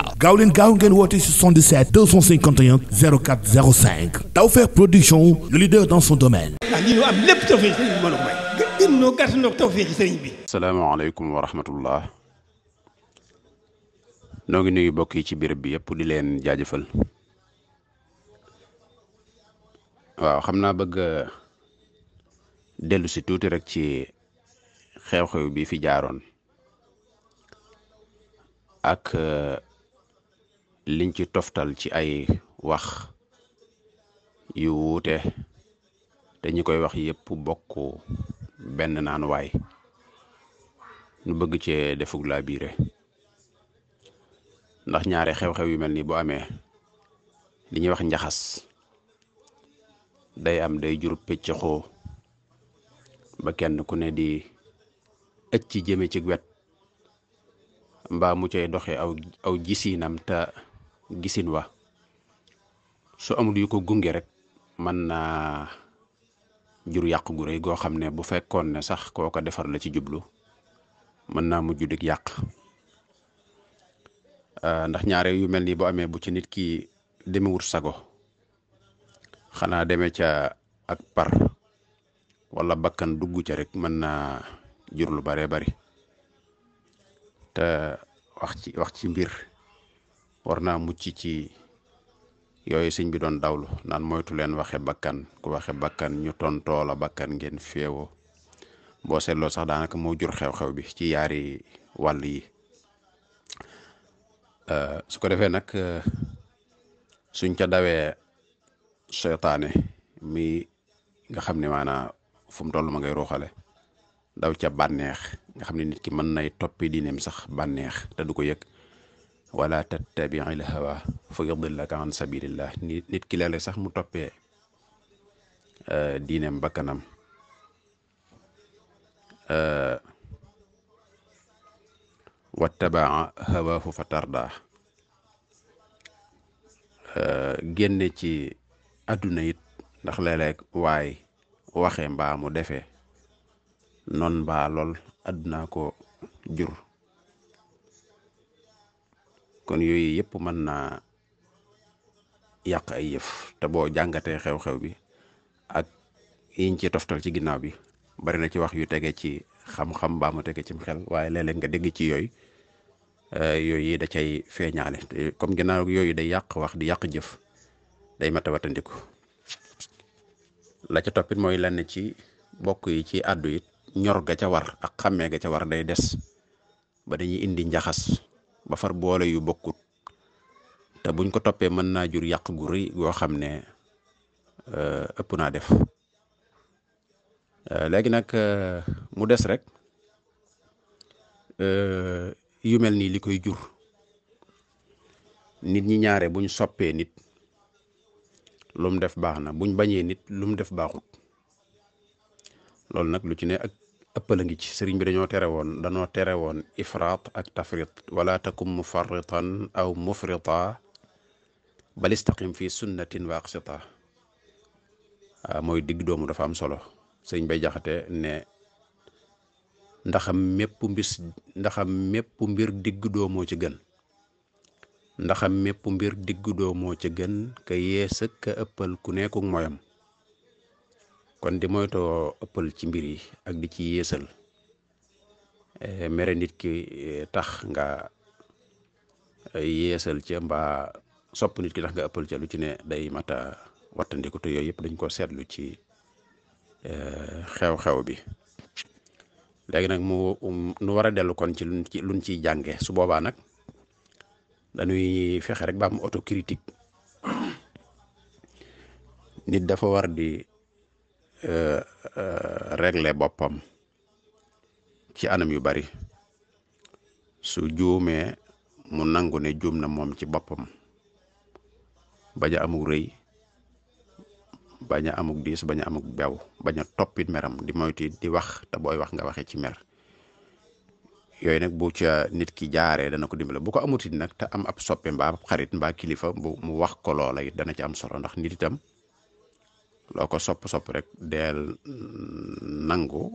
Dakar gaaw leen gaaw ngeen woote 77 251 04 05 Tawfekh Production le leader dans son domaine. ah lii ñu am noo ngi nuyu mbokk yi ci béréb bi yépp di leen jaajëfal. waaw xam naa bëgg euh, dellu si tuuti rek ci xew-xew bi fi jaaroon ak euh, liñ ci toftal ci ay wax yu wuute te ñi koy wax yépp bokk benn naan waay nu bëgg cee defug laa biire ndax ñaari xew-xew yu mel ni boo amee li wax njaxas day am day jur pëcc xoo ba kenn ku ne di ëcc jëme ci wet mba mu cay doxe aw aw gisiinam gisin wa su amul yu ko gunge rek mën naa jur yàq gu rëy goo xam ne bu fekkoon ne sax koo ko defar la ci jublu mën naa mujj dig yàq euh, ndax ñaare yu mel nii boo amee bu ci nit ki demewut sago xanaa demee ca ak par wala bakkan dugg ca rek mën na jur lu baree bari te wax ci wax ci mbir war naa mucc ci yooyu sëñ bi doon dawlu naan moytu leen waxe bakkan ku waxe bakkan ñu tontoo la bakkan ngeen feewoo boo seetloo sax daanaka moo jur xew-xew bi ci yaari wàll yi euh, su ko defee nag euh, suñ ca dawee seytaane mi nga xam ne maanaa fu mu toll ma ngay ruuxale daw ca bànneex nga xam ne nit ki mën nay toppi diineem sax bànneex te du ko yëg wala tattabiil hawa fa yudillaka an sabilillah nit nit ki léeg-léeg sax mu toppee euh, diineem bakkanam euh, wattabaa hawaahu fa tardaa euh, ci àdduna it ndax léeg-léeg waay waxe mbaa defe defee noon mbaa lool ko jur kon yooyu yëpp mën naa yàq ay yëf te boo jàngatee xew-xew bi ak yiñ ci toftal ci ginnaaw bi bari na ci wax yu tege ci xam-xam baa mu tege ci xel waaye léeg-léeg nga dégg ci yooyu eh, yooyu da cay feeñaale te comme ginnaaw yooyu day yàq wax di yàq jëf day mat a watandiku la ca toppit mooy lenn ci bokk yi ci àddu it ñor ga ca war ak xàmmee ga ca war day des ba dañuy indi njaxas ba far boole yu bokkut te buñ ko toppee mën naa jur yàq gu rëy goo xam ne euh, ëpp naa def euh, léegi nag euh, mu des rek yu mel nii li koy jur nit ñi ñaare buñ soppee nit lu def baax na buñ bañee nit lu mu def baaxut loolu nag lu ci ne ak ëppal a ngi ci sëriñ bi dañoo tere woon dañoo tere woon ifraat ak tafrit wala takum mufarritan aw mufrita bal istaqim fi sunnatin wa aqsita waaw ah, mooy digg doomu dafa am solo sëriñ bay jaxate ne ndaxam mépp mbis ndaxam mépp mbir digg doomoo ci gën ndaxam mépp mbir digg doomoo ci gën ka yeesëg ka ëppal ku nekkug mooyam kon di moytoo ëppal ci mbir yi ak di ci yéesal eh, mere nit ki eh, tax nga eh, yeesal ca mbaa sopp nit ki tax nga ëppal ca lu ci ne day mata wattandiku te yooyu yëpp dañ ko seetlu ci xew-xew bi léegi nag mu nu war a dellu kon ci luñ ci luñ ciy jànge su boobaa nag dañuy fexe rek ba am autocritique nit dafa war di Euh, euh, régler boppam ci anam yu bari su juumee mu nangu ne juum na moom ci boppam bañ a amug rëy bañ a amug diis bañ a amug bew bañ a toppit meram di moyti di wax te booy wax nga waxee ci mer yooyu nag ci ca nit ki jaaree dana ko dimbale bu ko amutit nag te am ab soppe mbaa xarit mbaa kilifa bo mu wax ko it dana ci am solo ndax nit loo ko sop sopp rek deel nangu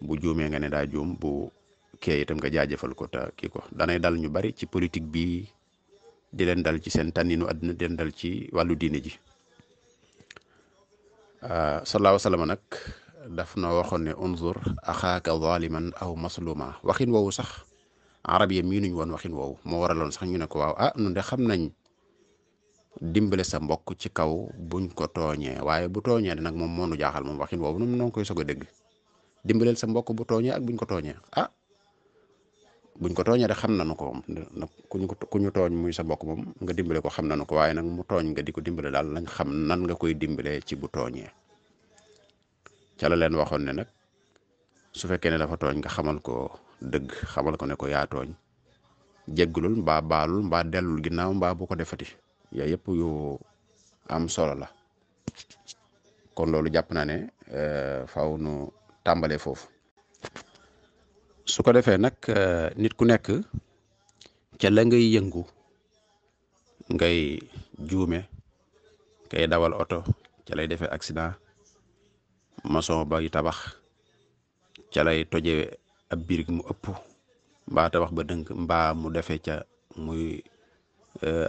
bu juumee nga ne daa juum bu kee itam nga jaajëfal ko ta kii ko danay dal ñu bari ci politique bi di leen dal ci seen tànninu àdduna di leen dal ci wàllu diine ji ah, salaahu salaama nag daf na waxoon ne unzur axaaka zaliman aw masluma waxin woowu sax arab yi miinuñ woon waxin woowu moo waraloon sax ñu ne ko waaw ah nun de xam nañ dimbale sa mbokk ci kaw buñ ko tooñee waaye bu tooñee nag moom moo nu jaaxal moom waxin woowu noonu ngi koy soog a dégg dimbaleel sa mbokk bu tooñee ak buñ ko tooñee ah ko tooñee rek xam nañu ko kuñ ko ku ñu tooñ muy sa mbokk nga dimbale ko xam nañu ko waaye nag mu tooñ nga di ko dimbale daal lañ xam nan nga koy dimbalee ci bu tooñee ca la leen waxoon ne nag su fekkee ne dafa tooñ nga xamal ko dëgg xamal ko ne ko yaa tooñ jéggulul mbaa baalul mbaa dellul ginnaaw mbaa bu ko defati. yooyu yëpp yu am solo la kon loolu jàpp naa ne euh, faw nu tàmbalee foofu su ko defee nag euh, nit ku nekk ca la ngay yëngu ngay juume kay dawal oto ca lay defee accident maçon bay tabax ca lay toje ab birig mu ëpp mbaa tabax ba dënk mba mu defee ca muy Euh,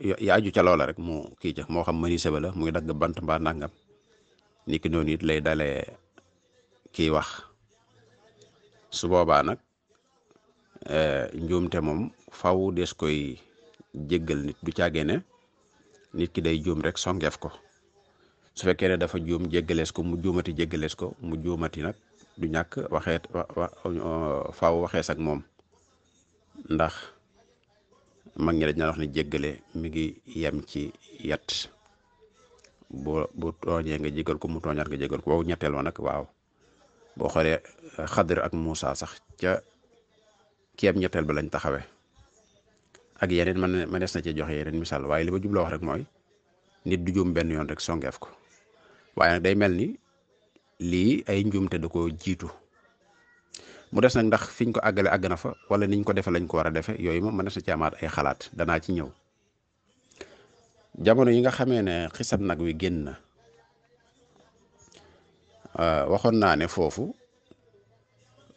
euh, ya aju ca loola rek mu kii ca moo xam mani seba la muy dagg bant mbaa nangam ni ki noonu it lay dale kii wax su boobaa nag euh, njuumte moom faw des koy jéggal nit du caage ne nit ki day juum rek so songeef ko su fekkee ne dafa juum jéggalees ko mu juumati jéggalees ko mu juumati nag du ñàkk waxeet faw waxees ak moom ndax mag ñi dañ wax ne jéggale mi ngi yem ci yat boo bu tooñee nga jégal ko mu tooñaat nga jégal ko wow ñetteel wa nag waaw boo xoolee eh, xadr ak Moussa sax ca keem ñetteel ba lañ taxawe ak yeneen man ma des na ci joxe yeneen misaal waaye li ma jubloo wax rek mooy nit du juum benn yoon rek songeef ko waaye nag day mel ni lii ay njuumte da ko jiitu. mu des nag ndax fiñ ko àggale àgg na fa wala niñ ko defe lañ ko war a defe yooyu moom mënees na ci ay xalaat dana ci ñëw jamono yi nga xamee ne xisab nag wi génn na euh, waxoon naa ne foofu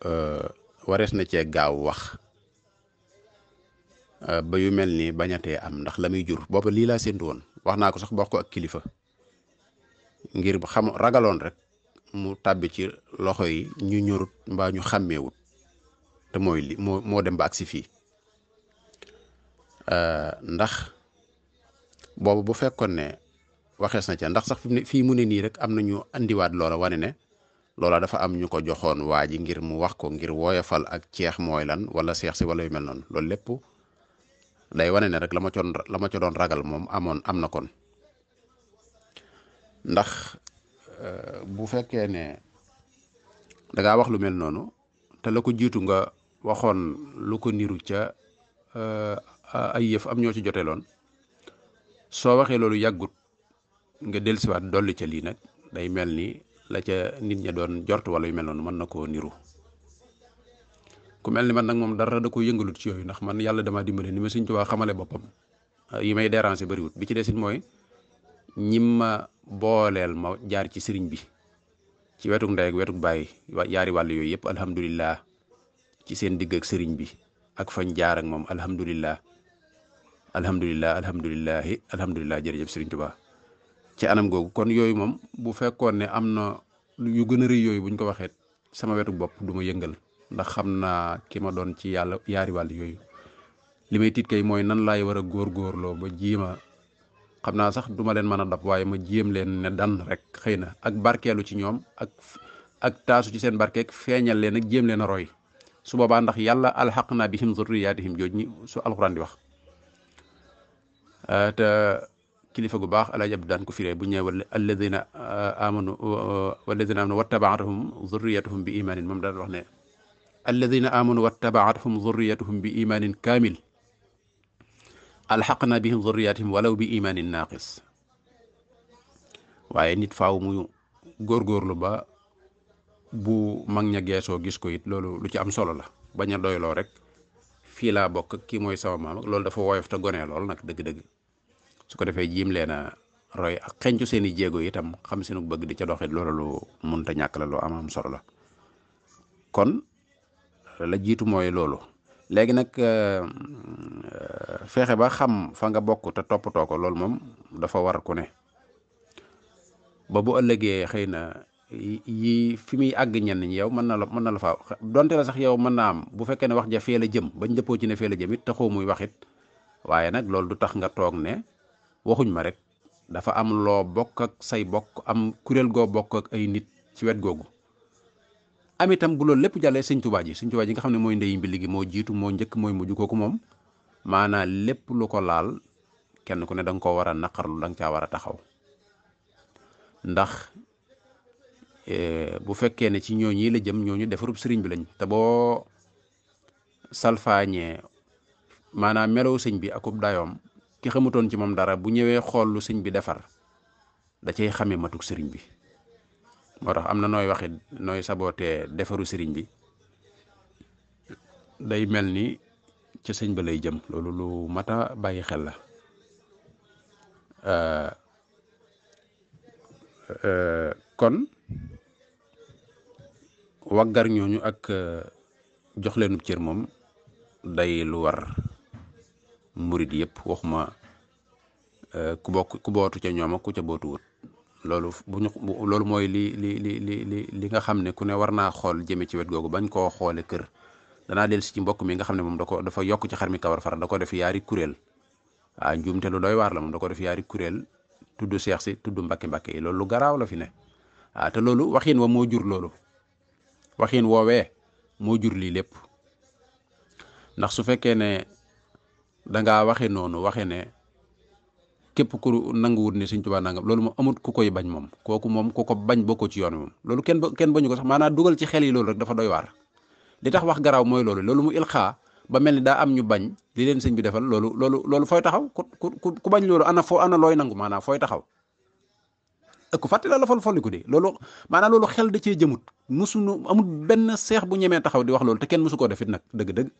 euh, warees na cee gaaw wax euh, ba yu mel ni bañatee am ndax la muy jur booba lii laa séntu woon wax naa ko sax bokk ko ak kilifa ngir xam ragaloon rek mu tàbbi loxo yi ñu ñorut mba ñu xàmmeewut te mooy li moo moo dem ba agsi euh, ndax boobu bu fekkoon ne waxees na ca ndax sax fii mu ne nii rek am na ñu andiwaat loola wane ne loola dafa am ñu ko joxoon waa ji ngir mu wax ko ngir woyofal ak ceex mooy lan wala seex si wala yu mel noonu loolu lépp day wane ne rek la ma coon ma ca doon ragal moom amoon am na kon ndax euh, bu fekkee ne. da wax lu mel noonu te la ko jiitu nga waxoon lu ko niru ca euh, ay yëf am ñoo ci loon soo waxee loolu yàggut nga dellusiwaat dolli ca lii nag day mel ni la ca nit ña doon jort wala yu mel noonu mën na koo niru ku mel ni man nag moom dara da ko yëngalut ci yooyu ndax man yàlla dama dimbale ni ma Sëñ Tuubaa xamale boppam yi may déranger bariwut bi ci desit mooy ñim ma booleel ma jaar ci sëriñ bi ci wetuk ndey ak wetuk bàyyi yaari wàll yooyu yëpp alhamdulilah ci seen digg ak sëriñ bi ak fañ jaar ak moom alhamdulilah alhamdulilah alhamdulilahi alhamdulilah jërëjëf sëriñ Tuubaa ci anam googu kon yooyu moom bu fekkoon ne am na yu gën a rëy yooyu buñ ko waxee sama wetuk bopp du ma yëngal ndax xam naa ki ma doon ci yàlla yaari wàll yooyu li may tiit kay mooy nan laay war a góorgóorloo ba jiima xam naa sax duma leen mën a dab waaye ma jéem leen ne dan rek xëy na ak barkeelu ci ñoom ak ak taasu ci seen barkeek feeñal leen a jéem leen a roy su boobaa ndax yàlla alxaq naa bihim zurriyatihim jooj ñi su alxuraan di wax ah, te kilifa gu baax alaaj abdu daan ko firee bu ñëwee alladina ah, amanu walladina amanu wattabaatuhum zurriyatuhum bi imaanin moom daan wax ne alladina amanu wattabaatuhum zurriyatuhum bi imaanin kaamil alxaqna bihim zurriyatihim walaw bi imaanin naaqis waaye nit faaw mu lu ba bu mag ña soo gis ko it loolu lu ci am solo la bañ doy doyloo rek fii laa bokk ak kii mooy sama maam ak loolu dafa woyof te gone lool nag dëgg-dëgg su ko defee jiim leen a roy ak xencu seen i jéego itam xam seenu bëgg di ca doxit loolu lu munta ñàkk la lu am am solo la kon la jiitu mooy loolu léegi nag euh, fexe ba xam fa nga bokk te toppatoo ko loolu moom dafa war ku ne ba bu ëllëgee xëy na yi fi muy àgg ñenn ñi yow mën na la mën na la faa donte sax yow mën naa am bu fekkee ne wax ja fee la jëm bañ dëppoo ci ne fee la jëm it taxoo muy wax it waaye nag loolu du tax nga toog ne waxuñ ma rek dafa am loo bokk ak say bokk am kuréel goo bokk ak ay nit ci wet googu. am itam bu lépp jàllee sëñ tubaa ji sëñ tubaa ji nga xam ne mooy ndeyi mbili gi moo jiitu moo njëkk mooy mujj kooku moom maanaam lépp lu ko laal kenn ku ne da ko koo war a naqarlu da nga caa war a taxaw ndax e, bu fekkee ne ci ñooñu la jëm ñooñu defarub sëriñ bi lañ te boo salfaañee maanaam melow sëñ bi akub dayoom ki xamutoon ci moom dara bu ñëwee xool lu sëñ bi defar da cay xame matuk sëriñ bi moo tax am na nooy waxit nooy sabootee defaru sëriñ bi day mel ni ci sëñ ba lay jëm loolu lu mat a bàyyi xel la kon waggar ñooñu ak jox leenub cër moom day lu war mburit yëpp waxuma ku bokk ku bootu ca ñooma ku ca bootu wut loolu bu loolu mooy li li li li li li nga xam ne ku ne war naa xool jëme ci wet googu bañ koo xoole kër danaa del si ci mbokk mi nga xam ne moom da ko dafa yokk ci xar mi kawar fara da ko def yaari kuréel ah njuumte lu doy waar la moom da ko def yaari kuréel tudd seex si tudd mbaki mbakki yi loolu lu garaaw la fi ne ah te loolu waxin wa moo jur loolu waxin woowee moo jur lii lépp ndax su fekkee ne danga waxe noonu waxe ne képp ku nanguwut ne sëñ Tuubaa nangam loolu moom amut ku koy bañ moom kooku moom ku ko bañ bokkoo ci yoon moom loolu kenn kenn bañu ko sax maanaam dugal ci xel yi loolu rek dafa doy waar li tax wax garaaw mooy loolu loolu mu ilxaa ba mel ni daa am ñu bañ li leen sëñ bi defal loolu loolu loolu fooy taxaw ku ku ku bañ loolu ana foo ana looy nangu maanaam fooy taxaw ëkk fàtte la foliku de loolu maanaam loolu xel da cee jëmut musunu amut benn seex bu ñemee taxaw di wax loolu te kenn musu koo defit nag dëgg-dëgg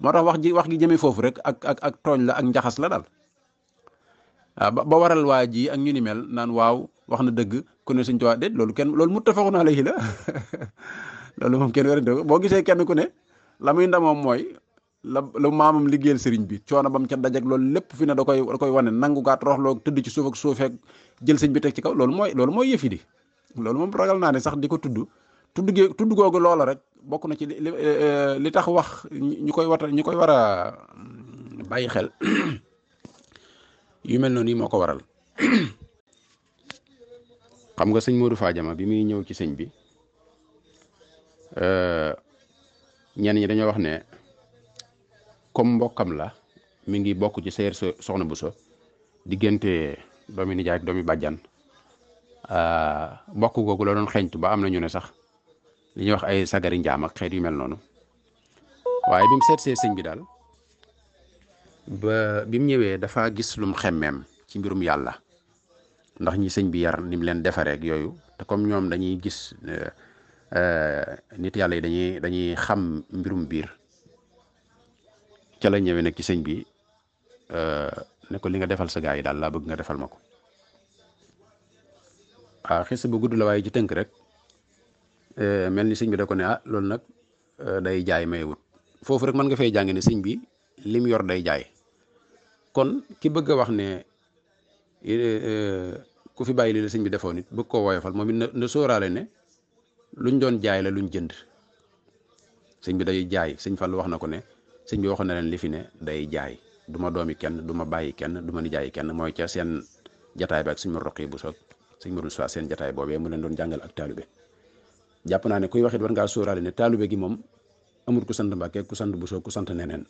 moo tax wax ji wax gi jëmee foofu rek ak ak ak tooñ la ak njaxas la daal Ah, ba waral waa ji ak ñu ni naan waaw wax na dëgg ku ne Sëñ Tuubaa déet loolu kenn loolu muttafaqun alayhi la loolu moom kenn werante boo gisee kenn ku ne la muy ndamoom mooy la lu maamam liggéeyal sëriñ bi coono ba mu ca dajak loolu lépp fi ne da koy da koy wane nangu gaat roxloog tëdd ci suufeek jël sëñ bi teg ci kaw loolu mooy loolu mooy yëfi di loolu moom rogal naa ne sax di ko tudd tudd tudd googu loolo rek bokk na ci li li eh, tax wax ñu koy wata ñi koy war a mm, bàyyi xel yu mel noonu yi moo ko waral xam nga sëñ Modou Fadiama bi muy ñëw ci sëñ bi euh, ñenn ñi dañoo wax ne comme mbokkam la mi ngi bokk ci seer soxna Bousso diggante doomi nijaay ak doomi bàjjan euh, mbokk googu la doon xeeñtu ba am na ñu ne sax li ñuy wax ay sagari njaam xeet yu mel noonu waaye bi mu seet see sëñ bi daal. ba bi mu ñëwee dafa gis lum xemmeem ci mbirum yàlla ndax ñi sëñ bi yar ni leen defareek yooyu te comme ñoom dañuy gis euh, euh, nit yàlla yi dañuy dañuy xam mbirum biir cala la ñëwee nag ci sëñ bi euh, ne ko li nga defal sa gaa yi daal laa bëgg nga defal ma ko ah ba gudd la waaye ci tënk rek mel ni sëñ bi da ko ne ah loolu nag day jaay mayewut foofu rek mën nga fay jàng ne sëñ bi lim yor day jaay kon ki bëgg a wax ne eh, ku fi bàyyi li la sëñ bi defoon it bëgg koo fal moom it na sóoraale ne luñ doon jaay la luñ jënd sëñ bi day jaay sëñ Fallou wax na ko ne sëñ bi waxoon na leen li fi ne day jaay duma ma doomi kenn du ma bàyyi kenn du ma nijaayi kenn mooy ca seen jataay bi ak suñ ma roqi bu soog suñ ma soit seen jataay boobee mu leen doon jàngal ak taalube jàpp naa ne kuy wax it war ngaa sóoraale ne taalube gi moom amul ku sant Mbàkke ku sant bu soog ku sant neneen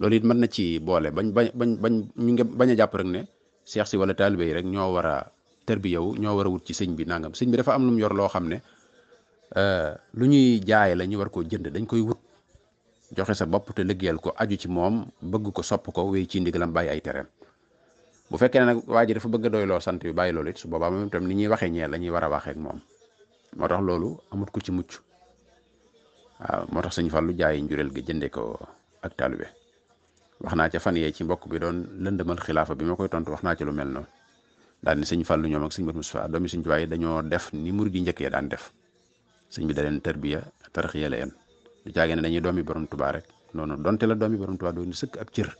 loolu it mën na ci boole bañ bañ bañ bañ ñu ngi bañ a jàpp rek ne seex si wala taalibe yi rek ñoo war a tërbiya wu ñoo war a wut ci sëñ bi nangam sëñ bi dafa am lu mu yor loo xam ne euh, lu ñuy jaay la ñu war koo jënd dañ koy wut joxe sa bopp te liggéeyal ko aju ci moom bëgg ko sopp ko wéy ci ndigalam bay ay tereem bu fekkee ne nag waa ji dafa bëgg a doyloo sant bi bàyyi loolu it su boobaa moom itam ni ñuy waxee ñeel la ñuy war a moom moo tax loolu amut ko ci mucc waaw moo tax sëñ Fallou jaay njureel gi jëndee ko ak taalibe wax naa ca fan yee ci mbokk bi doon lëndëmal xilaafa bi ma koy tontu wax naa ca lu mel noonu daal ni sëñ Fallou ñoom ak sëñ Mat Mustafa doomi sëñ Tuubaa waay dañoo def ni murid yi njëkk ya daan def sëñ bi daleen leen tarbiya tarxiya la yan du caage ne dañuy doomi borom Tuubaa rek noonu donte la doomi borom Tuubaa doon sëkk ab cër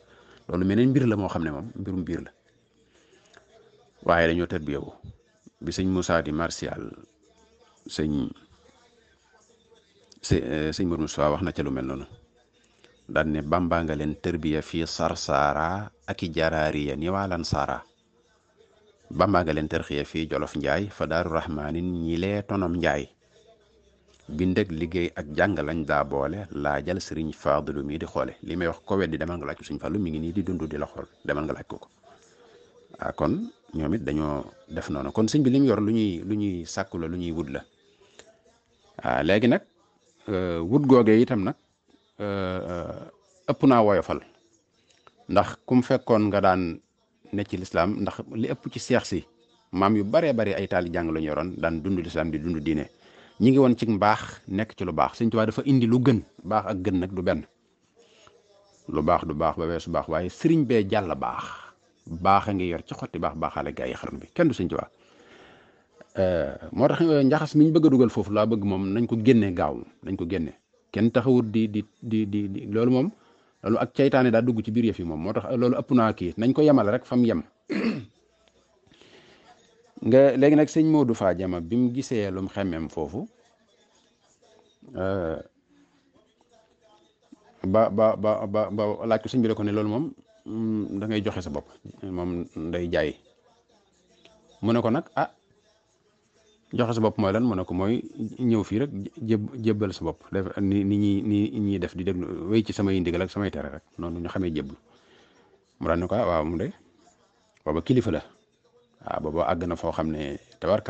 loolu meneen mbir la moo xam ne moom mbirum biir la waaye dañoo tarbiya wu bi sëñ Moussa di Martial sëñ sëñ Mat Mustafa wax na ca lu mel noonu daan ne bàmbaa nga leen tërbiya fi sarsaara ak i jaraariya ni wa lan saara bàmbaa nga leen tërxiya fii jolof njaay fa daaru rahmaanin ñi lee tonom njaay bindeg liggéey ak jàng lañ daa boole jal sëriñ Faadilu mii di xoole li may wax ko weddi demal nga laaj ko mi ngi nii di dund di la demal nga laaj ko ah, kon ñoom it dañoo def noonu kon sëñ bi li yor lu ñuy lu ñuy sàkku lu ñuy wut la ah léegi nag euh, wut googee na Euh, ëpp naa woyofal ndax kum fekkoon nga daan ne ci lislaam ndax li ëpp ci seex si maam yu baree bari ay jàng la yoroon daan dund lislaam di dund diine ñi ngi woon ci mbaax nekk ci lu baax Sëñ waa dafa indi lu gën baax a gën nag du benn lu baax du baax ba weesu baax waaye sëriñ bee jàll baax baax a ngi yor ci xotti baax baaxaale gaa yi xarnu bi kenn du Sëñ Tuubaa euh, moo tax euh, njaxas mi ñu bëgg dugal foofu laa bëgg moom nañ ko génnee gaaw nañ ko génne kenn taxawut di di di di loolu moom loolu ak ceytaane daa dugg ci biir yëf yi moom moo tax loolu ëpp naa kii nañ ko yemal rek fam yem nga léegi nag sëñ Modou Faa Jama bi mu gisee lum xemmem foofu euh, ba ba ba laaj ko sëñ bi la ko loolu moom mm, da ngay joxe sa bopp moom nday jaay mu ne ko ah, joxe sa bopp mooy lan mu ne ko mooy ñëw fii rek jëb jébbal sa bopp ni ni ñuy ni ñuy def di déglu wéy ci samay ndigal ak samay rek noonu ñu xamee jéblu mu daan ne ko ah, waw mu de booba kilifa la waaw ah, booba àgg na foo xam ne te la waaw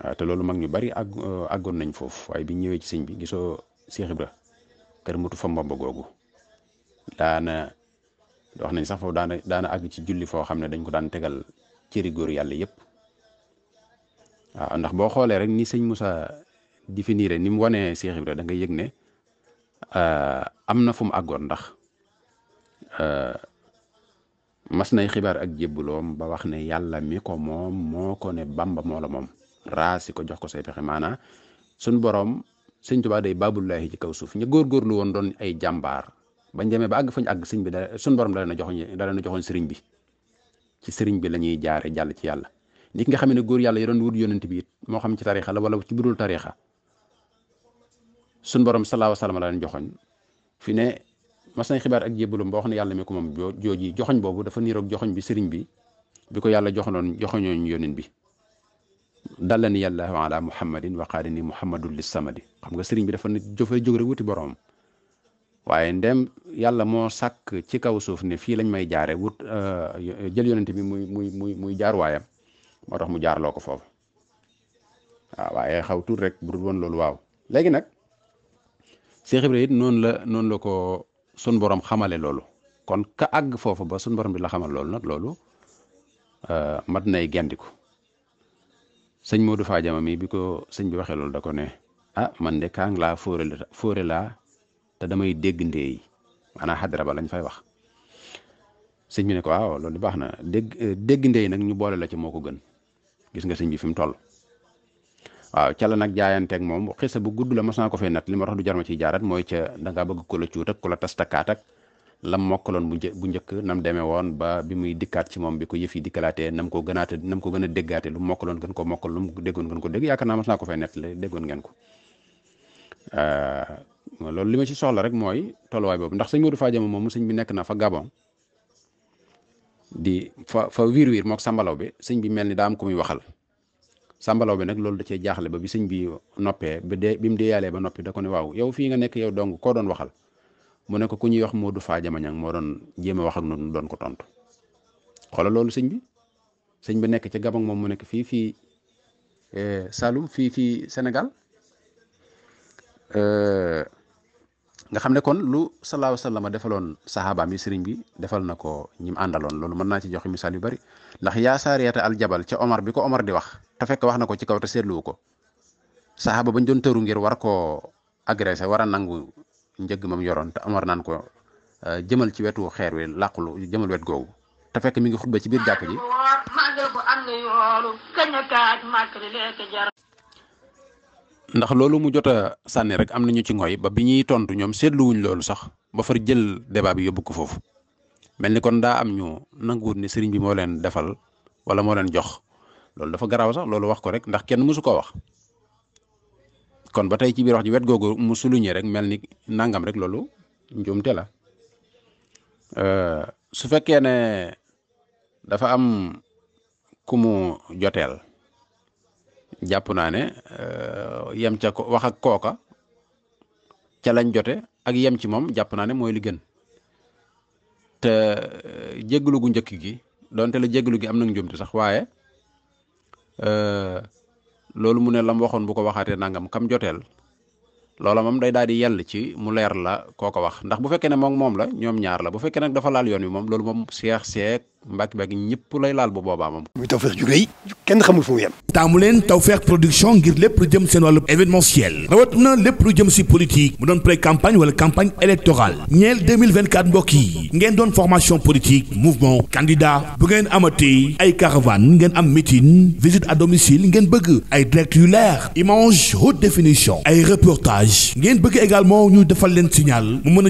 ah, te loolu mag ñu bari àgg euh, àggoon nañ foofu waaye bi ñëwee ci sëñ bi gisoo Seex Ibra kër mutu fa mbamba googu daana wax nañ sax foofu daana daana àgg ci julli foo xam ne dañ ko daan tegal cëri góor yàlla yëpp waaw ndax boo xoolee rek ni sëñ Moussa définir ni mu wanee Cheikh Ibra da nga yëg ne euh, am na fu mu àggoon ndax euh, mas nay xibaar ak jébbuloom ba wax ne yàlla mi ko moom moo ne Bamba moo moom raasi jox ko say pexe maanaa suñ boroom sëñ Tuubaa day baabullaahi ci kaw suuf ñu góorgóorlu woon doon ay jàmbaar bañ demee ba àgg fañ àgg sëñ bi da suñ borom da leen a joxoñ da leen bi ci sëriñ bi la ñuy jaare jàll ci yàlla li nga xam ne góor yàlla yi doon wut yonent bi it moo xam ci tariixa la wala ci budul tariixa suñ borom salaahu salaam la leen joxoñ fi ne mas xibaar ak jébbalum boo ne yàlla mi ko moom jooji joxoñ boobu dafa niiroog joxoñ bi sëriñ bi bi ko yàlla joxonoon joxoñooñ yonent bi dallani yàllaahu ala muhammadin wa qaadani muhammadun lis samadi xam nga sëriñ bi dafa jofe jóg rek wuti boroom ndem yàlla moo sàkk ci kaw suuf ne fii lañ may jaare wut euh, jël yonent bi muy muy muy muy jaar waayam moo tax mu jaarloo ko foofu waaw waaye xaw tuut rek bu dul woon loolu waaw léegi nag Cheikh Ibrahima it noonu la noonu la ko sun borom xamale loolu kon ka àgg foofu ba sun borom bi la xamal loolu nag loolu euh, mat nay gendiku sëñ moo Modou Fadiama mii bi ko sëñ bi waxee loolu da ko ne ah man de kaang laa fóore laa te damay dégg ndéey maanaam xadara ba lañ fay wax sëñ bi ne ko waaw loolu baax na dégg dégg ndéey nag ñu boole la ci moo ko gën. gis nga sëñ bi fi mu toll waaw ca la nag jaayanteeg moom xisa bu gudd la mos naa ko fee nat li ma tax du jar ma ciy jaarat mooy ca dangaa bëgg ko la cuut ak ku la tas takkaat ak lam mokkaloon bu njëkk nam demee woon ba bi muy dikkaat ci moom bi ko yëf yi dikkalaatee nam ko gënaate nam ko gën a déggaate lu mokkaloon gën ko mokkal lu mu déggoon gën ko dégg yaakaar naa mos naa ko fee nett la ko euh, loolu li ma ci soxla rek mooy tolluwaay boobu ndax sëñ Modou Fadiama moom sëñ nekk na fa Gabon di fa fa wiir wiir mook sàmbalaw bi sëñ bi mel ni daa am ko muy waxal sàmbalaw bi nag loolu da cee jaaxle ba bi sëñ bi noppee ba dee bi mu dee ba noppi da ko ne waaw yow fii nga nekk yow dong koo doon waxal mu ne ko ku ñuy wax Modou Faa Jamañang moo doon jéem a wax ak noonu doon ko tontu xoolal loolu sëñ bi sëñ bi nekk ci Gabon moom mu nekk fii fii eh, Saloum fii fii senegal eh, nga xam ne kon lu salaahu salaam defaloon saxaabaam yi sëriñ bi defal na ko ñim àndaloon loolu mën naa ci joxe misaal yu bari ndax yaa saariyata al jabal ca Omar bi ko Omar di wax te fekk wax na ko ci kaw te seetluwu ko saxaaba bañ doon tëru ngir war koo agressé war a nangu njëgg mam yoroon te Omar naan ko euh, jëmal ci wetu xeer wi làqulu jëmal wet googu te fekk mi ngi xutba ci biir jàkk ji. ndax loolu mu jot sànni rek am nañu ci ngooy ba bi ñuy tontu ñoom seetluwuñ loolu sax ba far jël débat bi yóbbu ko foofu mel ni kon daa am ñu nanguwut ni sëriñ bi moo leen defal wala moo leen jox loolu dafa garaaw sax loolu wax ko rek ndax kenn mësu koo wax kon ba tey ci biir wax ji wet googu mu souligné rek mel ni nangam rek loolu njuumte la euh, su fekkee ne dafa am ku mu joteel. jàpp naa ne euh, yem ca ko waxak ak kooka ca lañ jote ak yem ci moom jàpp naa ne mooy li te euh, jégalu gu njëkk gi donte la jégalu gi am na njumte sax waaye euh, loolu mu ne lam waxoon bu ko waxaatee nangam kam joteel loola moom day daal di yell ci mu leer la kooka wax ndax bu fekkee ne moom moom la ñoom ñaar la bu fekkee nag dafa laal yoon wi moom loolu moom seex seek mbàkk mbàkk ñëpp lay laal bu boobaa moom. muy Tawfekh ju rëy kenn xamul fu mu taamu leen Tawfekh production ngir lépp lu jëm seen wàllu événementiel rawat na lépp lu jëm si politique mu doon pré campagne wala campagne électorale ñeel 2024 ngeen doon formation politique mouvement candidat bu ngeen amatee ay caravane ngeen am meeting visite à domicile ngeen bëgg ay direct yu leer image haute définition ay reportage ngeen bëgg également ñu defal leen a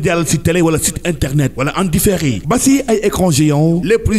jàllal si télé wala site internet wala en différé ba si ay écran géant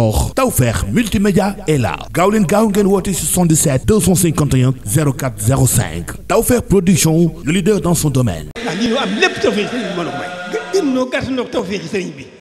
Senghor Tawfekh multimédia est là gaaw leen gaaw ngeen woote 77 251 04 production le leader dans son domaine. Ah, am lépp tawfeex sëriñ bi mën a bi.